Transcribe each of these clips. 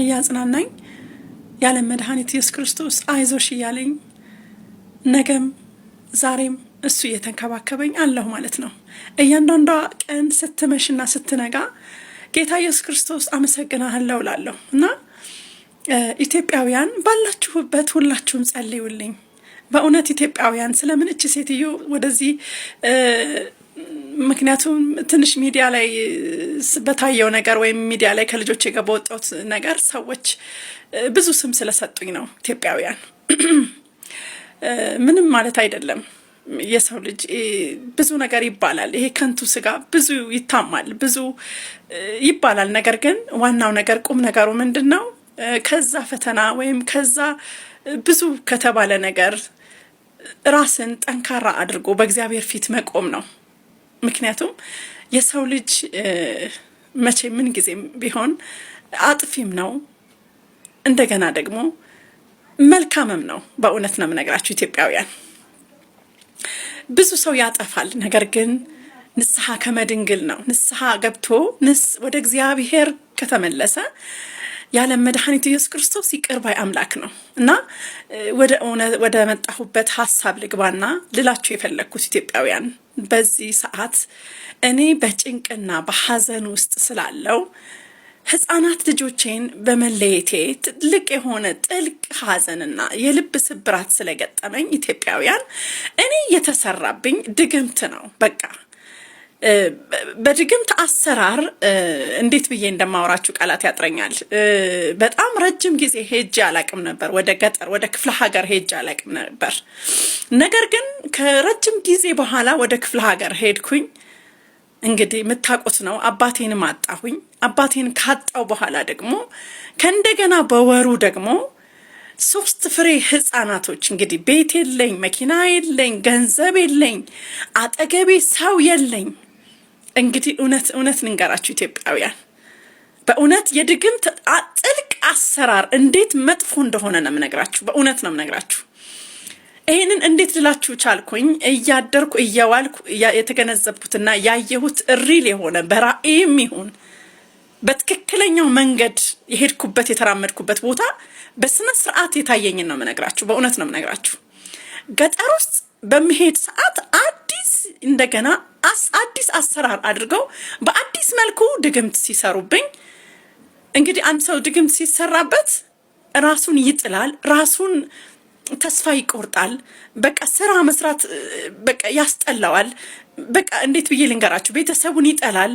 እያጽናናኝ ያለ መድኃኒት ኢየሱስ ክርስቶስ አይዞሽ እያለኝ ነገም ዛሬም እሱ እየተንከባከበኝ አለሁ ማለት ነው። እያንዳንዷ ቀን ስትመሽና ስትነጋ ጌታ ኢየሱስ ክርስቶስ አመሰግናለሁ ላለሁ እና ኢትዮጵያውያን ባላችሁበት ሁላችሁም ጸልዩልኝ። በእውነት ኢትዮጵያውያን ስለምን እች ሴትዮ ወደዚህ ምክንያቱም ትንሽ ሚዲያ ላይ በታየው ነገር ወይም ሚዲያ ላይ ከልጆች ጋር በወጣሁት ነገር ሰዎች ብዙ ስም ስለሰጡኝ ነው። ኢትዮጵያውያን ምንም ማለት አይደለም። የሰው ልጅ ብዙ ነገር ይባላል። ይሄ ከንቱ ስጋ ብዙ ይታማል፣ ብዙ ይባላል። ነገር ግን ዋናው ነገር ቁም ነገሩ ምንድን ነው? ከዛ ፈተና ወይም ከዛ ብዙ ከተባለ ነገር ራስን ጠንካራ አድርጎ በእግዚአብሔር ፊት መቆም ነው። ምክንያቱም የሰው ልጅ መቼ ምን ጊዜም ቢሆን አጥፊም ነው፣ እንደገና ደግሞ መልካምም ነው። በእውነት ነው የምነግራችሁ ኢትዮጵያውያን፣ ብዙ ሰው ያጠፋል። ነገር ግን ንስሐ ከመድንግል ነው። ንስሐ ገብቶ ንስ ወደ እግዚአብሔር ከተመለሰ ያለ መድኃኒት ኢየሱስ ክርስቶስ ይቅር ባይ አምላክ ነው እና ወደ መጣሁበት ሀሳብ ልግባና ልላችሁ የፈለግኩት ኢትዮጵያውያን በዚህ ሰዓት እኔ በጭንቅና በሐዘን ውስጥ ስላለው ህፃናት ልጆቼን በመለየቴ ትልቅ የሆነ ጥልቅ ሐዘንና የልብ ስብራት ስለገጠመኝ ኢትዮጵያውያን እኔ የተሰራብኝ ድግምት ነው በቃ በድግምት አሰራር እንዴት ብዬ እንደማወራችሁ ቃላት ያጥረኛል። በጣም ረጅም ጊዜ ሄጄ አላቅም ነበር፣ ወደ ገጠር ወደ ክፍለ ሀገር ሄጄ አላቅም ነበር። ነገር ግን ከረጅም ጊዜ በኋላ ወደ ክፍለ ሀገር ሄድኩኝ። እንግዲህ የምታውቁት ነው። አባቴንም አጣሁኝ። አባቴን ካጣው በኋላ ደግሞ ከእንደገና በወሩ ደግሞ ሶስት ፍሬ ህጻናቶች እንግዲህ ቤት የለኝ፣ መኪና የለኝ፣ ገንዘብ የለኝ፣ አጠገቤ ሰው የለኝ እንግዲህ እውነት እውነት ልንገራችሁ ኢትዮጵያውያን በእውነት የድግምት ጥልቅ አሰራር እንዴት መጥፎ እንደሆነ ነው የምነግራችሁ። በእውነት ነው የምነግራችሁ። ይህንን እንዴት ልላችሁ ቻልኩኝ? እያደርኩ እየዋልኩ የተገነዘብኩትና ያየሁት ሪል የሆነ በራእይም ይሁን በትክክለኛው መንገድ የሄድኩበት የተራመድኩበት ቦታ በስነ ስርዓት የታየኝን ነው የምነግራችሁ። በእውነት ነው የምነግራችሁ። ገጠር ውስጥ በሚሄድ ሰዓት አዲስ እንደገና አዲስ አሰራር አድርገው በአዲስ መልኩ ድግምት ሲሰሩብኝ፣ እንግዲህ አንድ ሰው ድግምት ሲሰራበት ራሱን ይጥላል፣ ራሱን ተስፋ ይቆርጣል። በቃ ስራ መስራት በቃ ያስጠላዋል። በቃ እንዴት ብዬ ልንገራችሁ? ቤተሰቡን ይጠላል።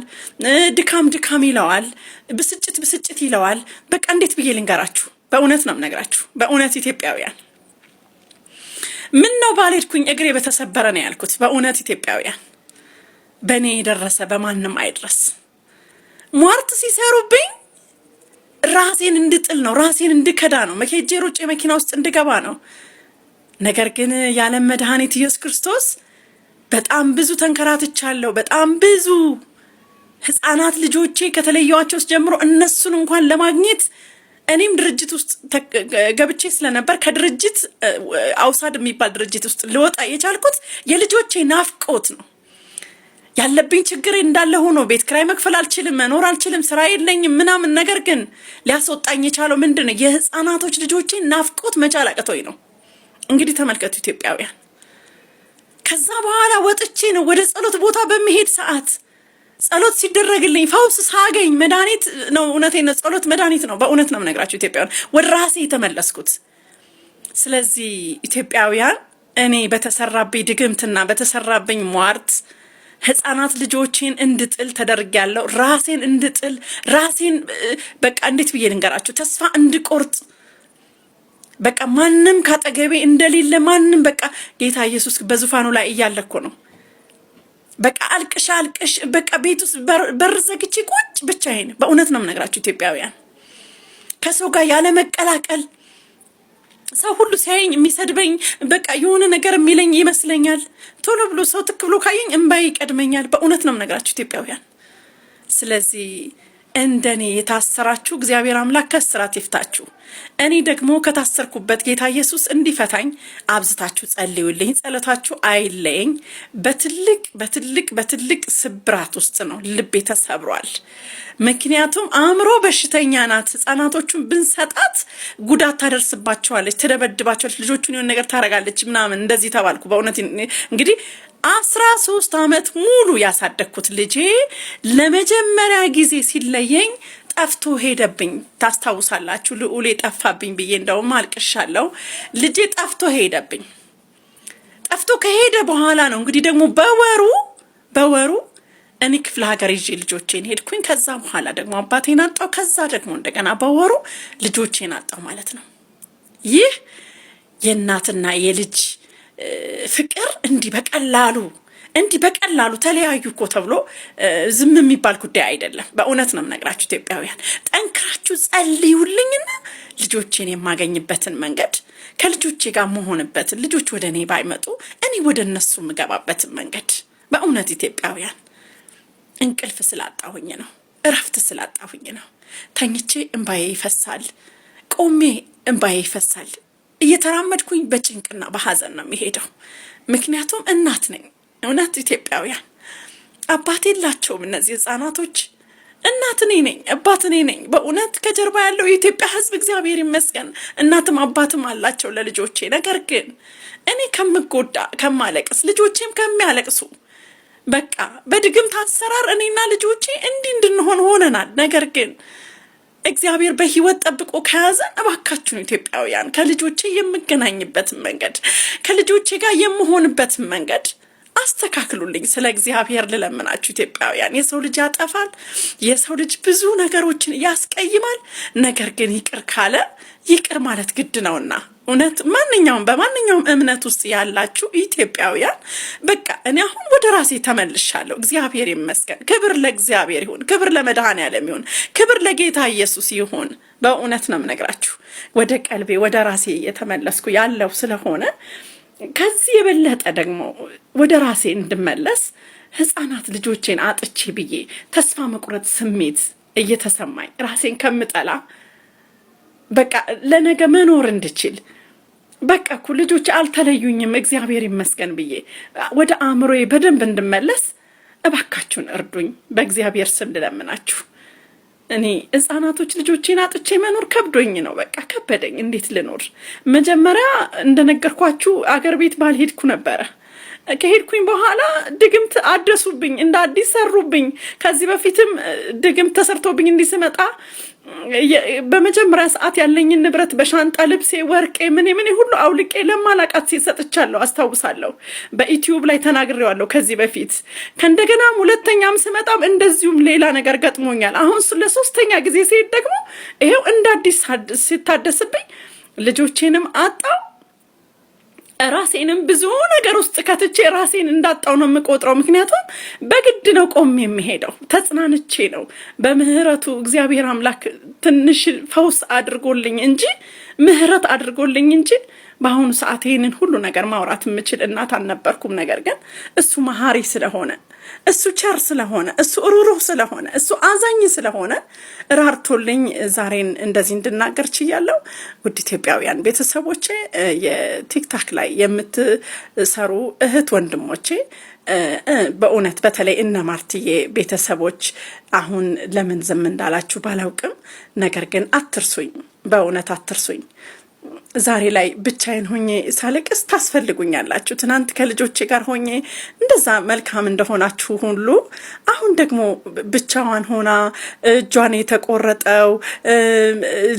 ድካም ድካም ይለዋል። ብስጭት ብስጭት ይለዋል። በቃ እንዴት ብዬ ልንገራችሁ? በእውነት ነው የምነግራችሁ። በእውነት ኢትዮጵያውያን ምን ነው ባልሄድኩኝ እግሬ በተሰበረ ነው ያልኩት። በእውነት ኢትዮጵያውያን በእኔ የደረሰ በማንም አይድረስ። ሟርት ሲሰሩብኝ ራሴን እንድጥል ነው፣ ራሴን እንድከዳ ነው፣ መኬጄ ሩጭ መኪና ውስጥ እንድገባ ነው። ነገር ግን የዓለም መድኃኒት ኢየሱስ ክርስቶስ በጣም ብዙ ተንከራትቻለሁ። በጣም ብዙ ህፃናት ልጆቼ ከተለየዋቸው ጀምሮ እነሱን እንኳን ለማግኘት እኔም ድርጅት ውስጥ ገብቼ ስለነበር ከድርጅት አውሳድ የሚባል ድርጅት ውስጥ ልወጣ የቻልኩት የልጆቼ ናፍቆት ነው። ያለብኝ ችግር እንዳለ ሆኖ ቤት ክራይ መክፈል አልችልም፣ መኖር አልችልም፣ ስራ የለኝም ምናምን። ነገር ግን ሊያስወጣኝ የቻለው ምንድን ነው? የህፃናቶች ልጆቼ ናፍቆት መቻል አቅቶኝ ነው። እንግዲህ ተመልከቱ ኢትዮጵያውያን። ከዛ በኋላ ወጥቼ ነው ወደ ጸሎት ቦታ በመሄድ ሰዓት ጸሎት ሲደረግልኝ ፈውስ ሳገኝ መድኃኒት ነው። እውነቴን ነው። ጸሎት መድኃኒት ነው። በእውነት ነው የምነግራችሁ ኢትዮጵያን ወደ ራሴ የተመለስኩት። ስለዚህ ኢትዮጵያውያን እኔ በተሰራብኝ ድግምትና በተሰራብኝ ሟርት ህፃናት ልጆቼን እንድጥል ተደርጊያለሁ። ራሴን እንድጥል ራሴን በቃ እንዴት ብዬ ልንገራችሁ ተስፋ እንድቆርጥ በቃ ማንም ካጠገቤ እንደሌለ ማንም በቃ ጌታ ኢየሱስ በዙፋኑ ላይ እያለኮ ነው በቃ አልቅሽ አልቅሽ በቃ ቤት ውስጥ በር ዘግቼ ቁጭ ብቻዬን። በእውነት ነው የምነግራችሁ ኢትዮጵያውያን፣ ከሰው ጋር ያለ መቀላቀል ሰው ሁሉ ሲያየኝ የሚሰድበኝ በቃ የሆነ ነገር የሚለኝ ይመስለኛል። ቶሎ ብሎ ሰው ትክ ብሎ ካየኝ እምባዬ ይቀድመኛል። በእውነት ነው የምነግራችሁ ኢትዮጵያውያን። ስለዚህ እንደኔ የታሰራችሁ እግዚአብሔር አምላክ ከእስራት ይፍታችሁ። እኔ ደግሞ ከታሰርኩበት ጌታ ኢየሱስ እንዲፈታኝ አብዝታችሁ ጸልዩልኝ። ጸሎታችሁ አይለየኝ። በትልቅ በትልቅ በትልቅ ስብራት ውስጥ ነው፣ ልቤ ተሰብሯል። ምክንያቱም አእምሮ በሽተኛ ናት። ህፃናቶቹን ብንሰጣት ጉዳት ታደርስባቸዋለች፣ ትደበድባቸዋለች፣ ልጆቹን የሆነ ነገር ታረጋለች ምናምን እንደዚህ ተባልኩ። በእውነት እንግዲህ አስራ ሶስት አመት ሙሉ ያሳደግኩት ልጄ ለመጀመሪያ ጊዜ ሲለየኝ ጠፍቶ ሄደብኝ። ታስታውሳላችሁ? ልዑሌ ጠፋብኝ ብዬ እንደውም አልቅሻለሁ። ልጄ ጠፍቶ ሄደብኝ። ጠፍቶ ከሄደ በኋላ ነው እንግዲህ ደግሞ በወሩ በወሩ እኔ ክፍለ ሀገር ይዤ ልጆቼን ሄድኩኝ። ከዛ በኋላ ደግሞ አባቴን አጣው። ከዛ ደግሞ እንደገና በወሩ ልጆቼን አጣው ማለት ነው። ይህ የእናትና የልጅ ፍቅር እንዲህ በቀላሉ እንዲህ በቀላሉ ተለያዩ እኮ ተብሎ ዝም የሚባል ጉዳይ አይደለም። በእውነት ነው የምነግራችሁ ኢትዮጵያውያን፣ ጠንክራችሁ ጸልዩልኝና ልጆቼን የማገኝበትን መንገድ ከልጆቼ ጋር መሆንበትን ልጆች ወደ እኔ ባይመጡ እኔ ወደ እነሱ የምገባበትን መንገድ በእውነት ኢትዮጵያውያን፣ እንቅልፍ ስላጣሁኝ ነው፣ እረፍት ስላጣሁኝ ነው። ተኝቼ እምባዬ ይፈሳል፣ ቆሜ እምባዬ ይፈሳል። እየተራመድኩኝ በጭንቅና በሀዘን ነው የሚሄደው። ምክንያቱም እናት ነኝ። እውነት ኢትዮጵያውያን አባት የላቸውም እነዚህ ህጻናቶች። እናት እኔ ነኝ፣ አባት እኔ ነኝ። በእውነት ከጀርባ ያለው የኢትዮጵያ ህዝብ እግዚአብሔር ይመስገን እናትም አባትም አላቸው ለልጆቼ። ነገር ግን እኔ ከምጎዳ ከማለቅስ፣ ልጆቼም ከሚያለቅሱ በቃ በድግምት አሰራር እኔና ልጆቼ እንዲህ እንድንሆን ሆነናል። ነገር ግን እግዚአብሔር በህይወት ጠብቆ ከያዘ እባካችሁን ኢትዮጵያውያን ከልጆቼ የምገናኝበትን መንገድ ከልጆቼ ጋር የምሆንበትን መንገድ አስተካክሉልኝ። ስለ እግዚአብሔር ልለምናችሁ ኢትዮጵያውያን። የሰው ልጅ ያጠፋል። የሰው ልጅ ብዙ ነገሮችን ያስቀይማል። ነገር ግን ይቅር ካለ ይቅር ማለት ግድ ነውና እውነት ማንኛውም በማንኛውም እምነት ውስጥ ያላችሁ ኢትዮጵያውያን በቃ እኔ አሁን ወደ ራሴ ተመልሻለሁ። እግዚአብሔር ይመስገን። ክብር ለእግዚአብሔር ይሁን፣ ክብር ለመድኃኔዓለም ይሁን፣ ክብር ለጌታ ኢየሱስ ይሁን። በእውነት ነው የምነግራችሁ። ወደ ቀልቤ ወደ ራሴ እየተመለስኩ ያለው ስለሆነ ከዚህ የበለጠ ደግሞ ወደ ራሴ እንድመለስ ህፃናት ልጆቼን አጥቼ ብዬ ተስፋ መቁረጥ ስሜት እየተሰማኝ ራሴን ከምጠላ በቃ ለነገ መኖር እንድችል በቃ እኮ ልጆች አልተለዩኝም እግዚአብሔር ይመስገን ብዬ ወደ አእምሮዬ በደንብ እንድመለስ እባካችሁን እርዱኝ። በእግዚአብሔር ስም ልለምናችሁ። እኔ ህጻናቶች ልጆቼን አጥቼ መኖር ከብዶኝ ነው። በቃ ከበደኝ። እንዴት ልኖር? መጀመሪያ እንደነገርኳችሁ አገር ቤት ባልሄድኩ ነበረ ከሄድኩኝ በኋላ ድግምት አደሱብኝ፣ እንደ አዲስ ሰሩብኝ። ከዚህ በፊትም ድግምት ተሰርቶብኝ እንዲህ ስመጣ በመጀመሪያ ሰዓት ያለኝን ንብረት በሻንጣ ልብሴ፣ ወርቄ፣ ምን ምን ሁሉ አውልቄ ለማላቃት ሴት ሰጥቻለሁ። አስታውሳለሁ፣ በኢትዩብ ላይ ተናግሬዋለሁ ከዚህ በፊት። ከእንደገናም ሁለተኛም ስመጣም እንደዚሁም ሌላ ነገር ገጥሞኛል። አሁን ለሶስተኛ ጊዜ ሲሄድ ደግሞ ይሄው እንደ አዲስ ሲታደስብኝ ልጆቼንም አጣው ራሴንም ብዙ ነገር ውስጥ ከትቼ ራሴን እንዳጣው ነው የምቆጥረው። ምክንያቱም በግድ ነው ቆም የሚሄደው ተጽናንቼ ነው በምህረቱ እግዚአብሔር አምላክ ትንሽ ፈውስ አድርጎልኝ እንጂ ምህረት አድርጎልኝ እንጂ በአሁኑ ሰዓት ይህንን ሁሉ ነገር ማውራት የምችል እናት አልነበርኩም። ነገር ግን እሱ መሀሪ ስለሆነ እሱ ቸር ስለሆነ እሱ ሩሩህ ስለሆነ እሱ አዛኝ ስለሆነ ራርቶልኝ ዛሬን እንደዚህ እንድናገር ችያለሁ። ውድ ኢትዮጵያውያን ቤተሰቦቼ፣ የቲክታክ ላይ የምትሰሩ እህት ወንድሞቼ በእውነት በተለይ እነ ማርትዬ ቤተሰቦች አሁን ለምን ዝም እንዳላችሁ ባላውቅም፣ ነገር ግን አትርሱኝ፣ በእውነት አትርሱኝ። ዛሬ ላይ ብቻዬን ሆኜ ሳለቅስ ታስፈልጉኛላችሁ። ትናንት ከልጆቼ ጋር ሆኜ እንደዛ መልካም እንደሆናችሁ ሁሉ አሁን ደግሞ ብቻዋን ሆና እጇን የተቆረጠው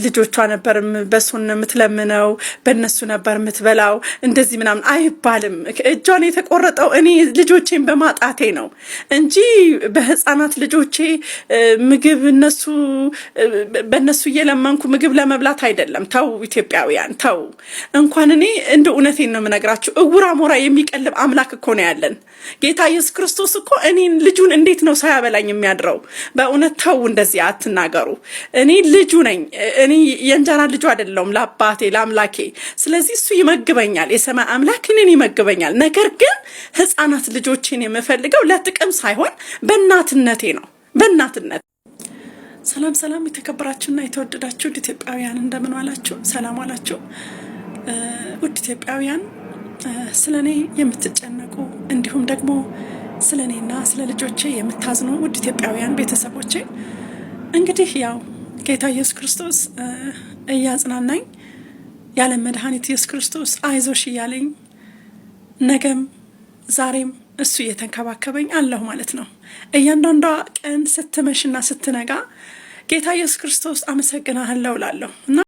ልጆቿ ነበር በሱን የምትለምነው፣ በእነሱ ነበር የምትበላው፣ እንደዚህ ምናምን አይባልም። እጇን የተቆረጠው እኔ ልጆቼን በማጣቴ ነው እንጂ በህፃናት ልጆቼ ምግብ እነሱ በእነሱ እየለመንኩ ምግብ ለመብላት አይደለም። ተው ኢትዮጵያውያን ተው እንኳን እኔ እንደ እውነቴን ነው የምነግራችሁ። እውራ ሞራ የሚቀልብ አምላክ እኮ ነው ያለን። ጌታ ኢየሱስ ክርስቶስ እኮ እኔን ልጁን እንዴት ነው ሳያበላኝ የሚያድረው? በእውነት ተው፣ እንደዚህ አትናገሩ። እኔ ልጁ ነኝ። እኔ የእንጀራ ልጁ አይደለውም ለአባቴ ለአምላኬ። ስለዚህ እሱ ይመግበኛል። የሰማይ አምላክ እኔን ይመግበኛል። ነገር ግን ህፃናት ልጆችን የምፈልገው ለጥቅም ሳይሆን በእናትነቴ ነው በእናትነት ሰላም ሰላም፣ የተከበራችሁና የተወደዳችሁ ውድ ኢትዮጵያውያን እንደምን ዋላችሁ? ሰላም ዋላችሁ? ውድ ኢትዮጵያውያን ስለ እኔ የምትጨነቁ እንዲሁም ደግሞ ስለ እኔና ስለ ልጆቼ የምታዝኑ ውድ ኢትዮጵያውያን ቤተሰቦቼ እንግዲህ ያው ጌታ ኢየሱስ ክርስቶስ እያጽናናኝ ያለ መድኃኒት ኢየሱስ ክርስቶስ አይዞሽ እያለኝ ነገም ዛሬም እሱ እየተንከባከበኝ አለሁ ማለት ነው። እያንዳንዷ ቀን ስትመሽና ስትነጋ ጌታ ኢየሱስ ክርስቶስ አመሰግናሃለሁ እላለሁ እና